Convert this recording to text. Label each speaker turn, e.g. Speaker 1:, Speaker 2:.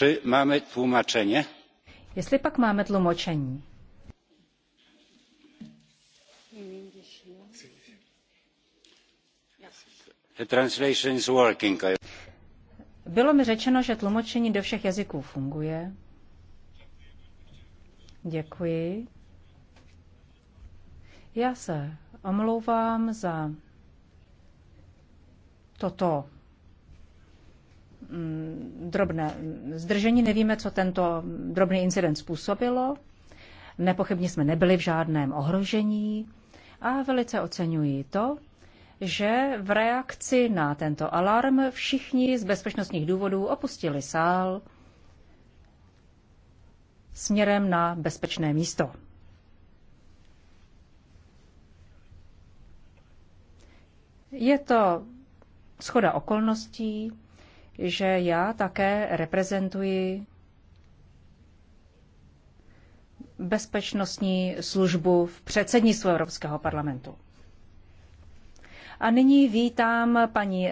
Speaker 1: Czy mamy tłumaczenie?
Speaker 2: Jestli pak máme tlumočení.
Speaker 3: The translation is working.
Speaker 4: Bylo mi řečeno, že tlumočení do všech jazyků funguje. Děkuji. Já se omlouvám za toto drobné zdržení. Nevíme, co tento drobný incident způsobilo. Nepochybně jsme nebyli v žádném ohrožení a velice oceňuji to, že v reakci na tento alarm všichni z bezpečnostních důvodů opustili sál směrem na bezpečné místo. Je to schoda okolností, že já také reprezentuji bezpečnostní službu v předsednictvu Evropského parlamentu. A nyní vítám paní